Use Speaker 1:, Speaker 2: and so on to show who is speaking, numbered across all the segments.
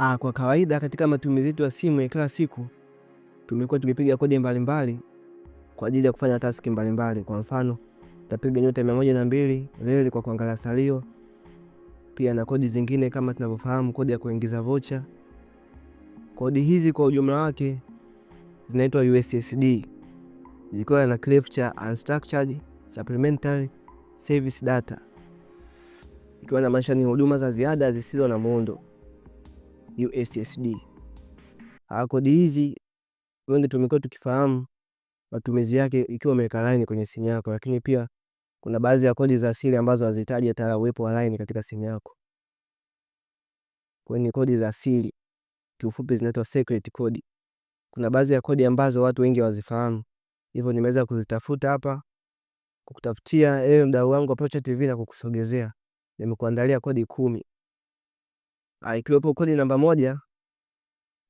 Speaker 1: Aa, ah, kwa kawaida katika matumizi yetu ya simu ya kila siku tumekuwa tukipiga kodi mbalimbali kwa ajili ya kufanya taski mbalimbali. Kwa mfano tapiga nyota mia moja na mbili leli kwa kuangalia salio, pia na kodi zingine kama tunavyofahamu, kodi ya kuingiza vocha. Kodi hizi kwa ujumla wake zinaitwa USSD zikiwa na kirefu cha unstructured supplementary service data, ikiwa na maana ni huduma za ziada zisizo na muundo. USSD. Ah, kodi hizi wengi tumekuwa tukifahamu matumizi yake ikiwa umeweka line kwenye simu yako, lakini pia kuna baadhi ya kodi za siri ambazo hazitaji hata uwepo wa line katika simu yako. Kwenye kodi za siri, kiufupi zinaitwa secret code. Kuna baadhi ya kodi ambazo watu wengi hawazifahamu, hivyo nimeweza kuzitafuta hapa kukutafutia ewe eh, mdau wangu wa Procha TV na kukusogezea. Nimekuandalia kodi kumi Ah, ikiwepo kodi namba moja,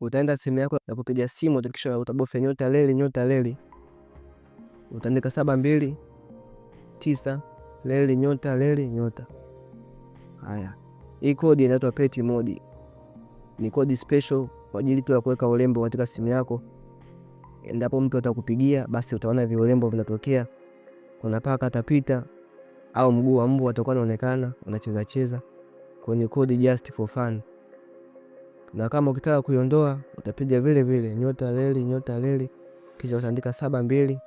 Speaker 1: utaenda sehemu yako ya kupiga simu, kisha utabofya nyota leli nyota leli, utaandika saba mbili tisa leli nyota leli nyota. Haya, hii kodi inaitwa peti modi, ni kodi special kwa ajili tu ya kuweka urembo katika simu yako. Endapo mtu atakupigia, basi utaona viurembo vinatokea, kuna paka atapita au mguu wa mbu utakuwa anaonekana unachezacheza kwenye kodi just for fun, na kama ukitaka kuiondoa utapiga vile vile nyota leli nyota leli, kisha utaandika saba mbili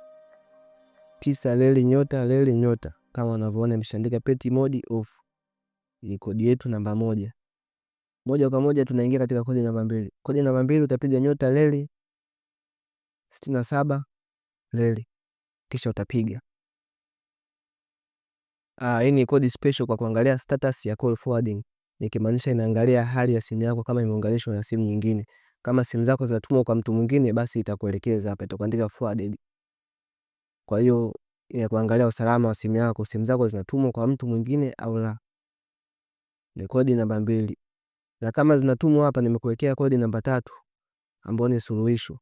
Speaker 1: tisa leli nyota leli nyota, kama unavyoona imeshaandika peti modi off. Ni kodi yetu namba moja. Moja kwa moja tunaingia katika kodi namba mbili. Kodi namba mbili utapiga nyota leli sitini na saba leli, kisha utapiga ah, hii ni kodi special kwa kuangalia status ya call forwarding. Nikimaanisha inaangalia hali ya simu yako kama imeunganishwa na simu nyingine. Kama simu zako zinatumwa kwa mtu mwingine basi itakuelekeza hapa itakuandika forwarded. Kwa hiyo ya kuangalia usalama wa simu yako, simu zako zinatumwa kwa mtu mwingine au la. Ni kodi namba mbili. Na kama zinatumwa hapa nimekuwekea kodi namba tatu ambayo ni suluhisho.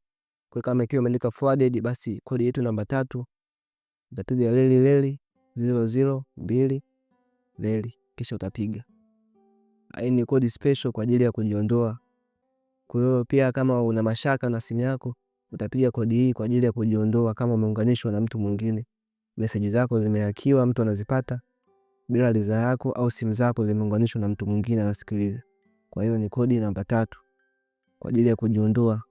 Speaker 1: Kwa kama ikiwa imeandika forwarded basi kodi yetu namba tatu utapiga leli leli zero zero mbili reli kisha utapiga ni yaani kodi special kwa ajili ya kujiondoa. Kwa hiyo pia kama una mashaka na simu yako utapiga kodi hii kwa ajili ya kujiondoa kama umeunganishwa na mtu mwingine. Meseji zako zimehakiwa, mtu anazipata bila ridhaa yako, au simu zako zimeunganishwa na mtu mwingine anasikiliza. Kwa hiyo ni kodi namba tatu kwa ajili ya kujiondoa.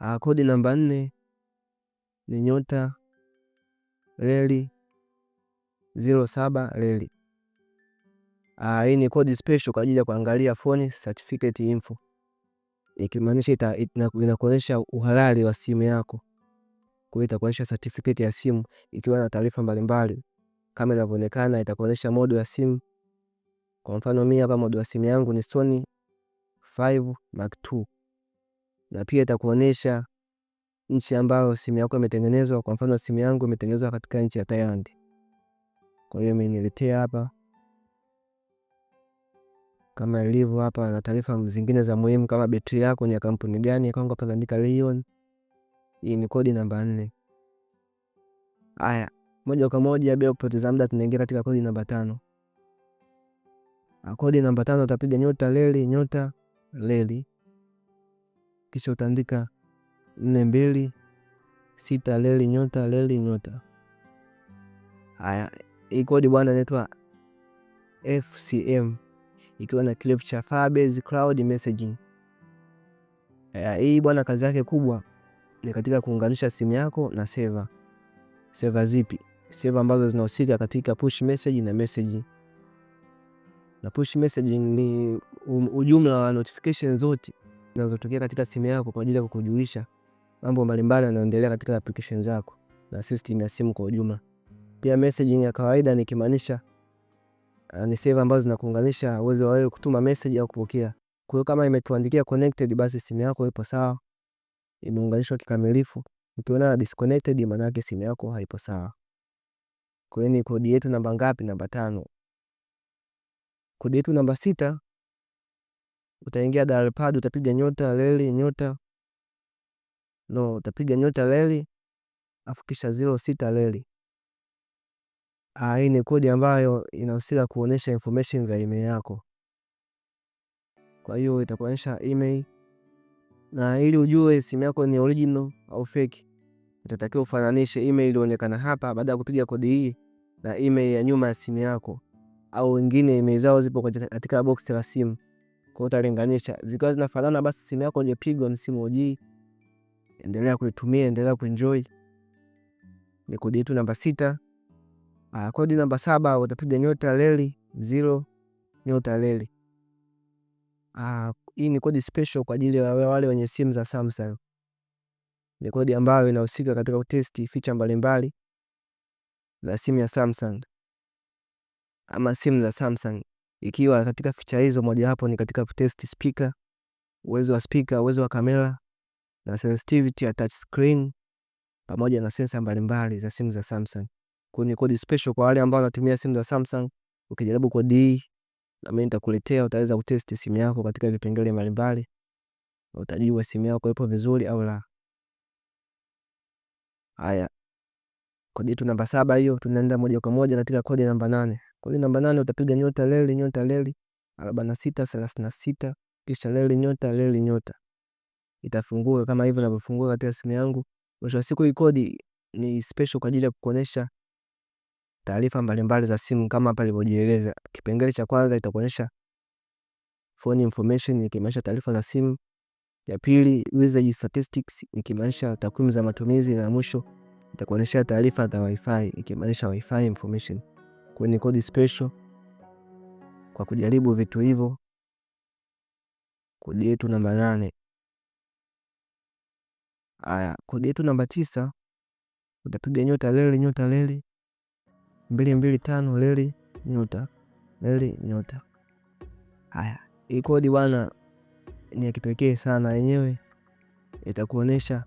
Speaker 1: Aa, ah, Kodi namba nne ni nyota reli ziro saba reli. Ah, hii ni code special kwa ajili ya kuangalia phone certificate info, ikimaanisha inakuonyesha uhalali wa simu yako. Kwa hiyo itakuonyesha certificate ya simu ikiwa na taarifa mbalimbali kama inavyoonekana, itakuonyesha modo ya simu. Kwa mfano mimi hapa modo ya simu yangu ni Sony 5 Mark 2 na pia itakuonyesha nchi ambayo simu yako imetengenezwa. Kwa mfano simu yangu imetengenezwa katika nchi ya Thailand, kwa hiyo mimi imeniletea hapa kama ilivyo hapa na taarifa zingine za muhimu kama betri yako ni ya kampuni gani. Kwangu hapa naandika Rayon, hii ni kodi namba nne. Haya, moja kwa moja bila kupoteza muda tunaingia katika kodi namba tano. Kodi namba tano utapiga nyota leli nyota leli, kisha utaandika nne mbili sita leli nyota leli nyota. Haya, hii kodi bwana inaitwa FCM ikiwa na kirefu cha Firebase Cloud Messaging. Hii bwana, kazi yake kubwa ni katika kuunganisha simu yako na server. Server zipi? Server ambazo zinahusika katika push message na message. Na push messaging ni um, ujumla wa notification zote zinazotokea katika simu yako kwa ajili ya kukujulisha mambo mbalimbali yanayoendelea katika application zako na system ya simu kwa ujumla. Pia messaging ya kawaida nikimaanisha Ah, ni seva ambazo zinakuunganisha uwezo wa kutuma message au kupokea. Kwa hiyo kama imetuandikia connected, basi simu yako ipo sawa, imeunganishwa kikamilifu. Ukiona disconnected, maana yake simu yako haipo sawa. Kwa hiyo ni kodi yetu namba ngapi? Namba tano. Kodi yetu namba sita, utaingia dial pad, utapiga nyota leli nyota no, utapiga nyota leli afu kisha zero sita leli Ah, hii ni kodi ambayo inahusika kuonyesha information za email yako. Kwa hiyo itakuonyesha email, na ili ujue simu yako ni original au fake, utatakiwa ufananishe email iliyoonekana hapa baada ya kupiga kodi hii na email ya nyuma ya simu yako, au wengine email zao zipo katika box la simu. Kwa hiyo utalinganisha, zikiwa zinafanana, basi simu yako iliyopigwa ni simu OG. Endelea kuitumia, endelea kuenjoy. Ni kodi yetu namba sita. Ah, kodi namba saba utapiga nyota leli zero nyota leli. Ah, hii ni kodi special kwa ajili ya wale wenye simu za Samsung. Ni kodi ambayo inahusika katika kutesti feature mbalimbali za simu ya Samsung ama simu za Samsung, ikiwa katika feature hizo mojawapo ni katika kutesti speaker, uwezo wa speaker, uwezo wa kamera na sensitivity ya touch screen pamoja na sensa mbalimbali za simu za Samsung kwenye kodi special kwa wale ambao wanatumia simu za Samsung. Ukijaribu kodi hii na mimi nitakuletea, utaweza kutest simu yako katika vipengele mbalimbali, utajua simu yako ipo vizuri au la. Haya, kodi yetu namba saba hiyo. Tunaenda moja kwa moja katika kodi namba nane. Kodi namba nane utapiga nyota leli nyota leli arobaini na sita thelathini na sita kisha leli nyota leli nyota, itafunguka kama hivyo inavyofungua katika simu yangu. Mwisho wa siku hii kodi ni special kwa ajili ya kukuonesha taarifa mbalimbali za simu kama hapa ilivyojieleza. Kipengele cha kwanza itakuonyesha phone information ikimaanisha taarifa za simu, ya pili usage statistics ikimaanisha takwimu za matumizi, na mwisho itakuonyesha taarifa za wifi ikimaanisha wifi information. Kwa ni kodi special kwa kujaribu vitu hivyo. Kodi yetu namba nane. Haya, kodi yetu namba tisa utapiga nyota lele, nyota lele mbili mbili tano leli nyota leli nyota. Haya, hii kodi bwana ni ya kipekee sana, yenyewe itakuonyesha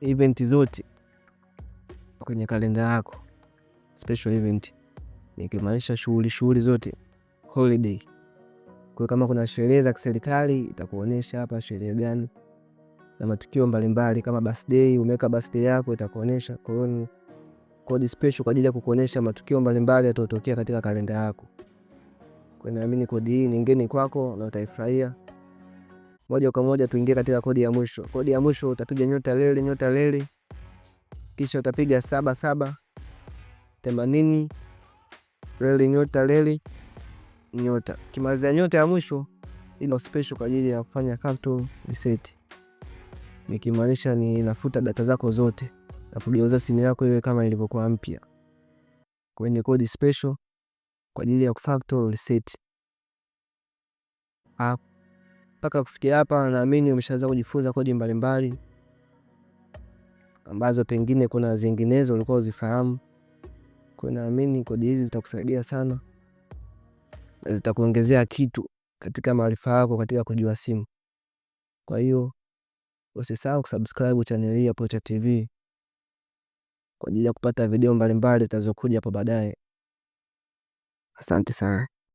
Speaker 1: event zote kwenye kalenda yako, special event nikimaanisha shughuli shughuli zote holiday. Kwa kama kuna sherehe za kiserikali itakuonyesha hapa sherehe gani, na matukio mbalimbali kama birthday, umeweka birthday yako itakuonyesha. Kwa hiyo kodi special kwa ajili ya kukuonyesha matukio mbalimbali yatotokea katika kalenda yako. Kwa naamini kodi hii ni ngeni kwako na utaifurahia. Moja kwa moja tuingie katika kodi ya mwisho. Kodi ya mwisho utapiga nyota leli nyota leli, kisha utapiga saba saba themanini leli nyota leli nyota. Kimalizia nyota ya mwisho ino special kwa ajili ya kufanya reset, nikimaanisha ninafuta data zako zote na kugeuza simu yako iwe kama ilivyokuwa mpya. kwenye code special kwa ajili ya factory reset. Mpaka kufikia hapa, naamini umeshaanza kujifunza kodi mbalimbali ambazo pengine kuna zinginezo ulikuwa uzifahamu. Kwa naamini kodi hizi zitakusaidia sana na zitakuongezea kitu katika maarifa yako katika kujua simu. Kwa hiyo usisahau kusubscribe channel hii ya Pocha TV kwa ajili ya kupata video mbalimbali zitazokuja hapo baadaye. Asante sana.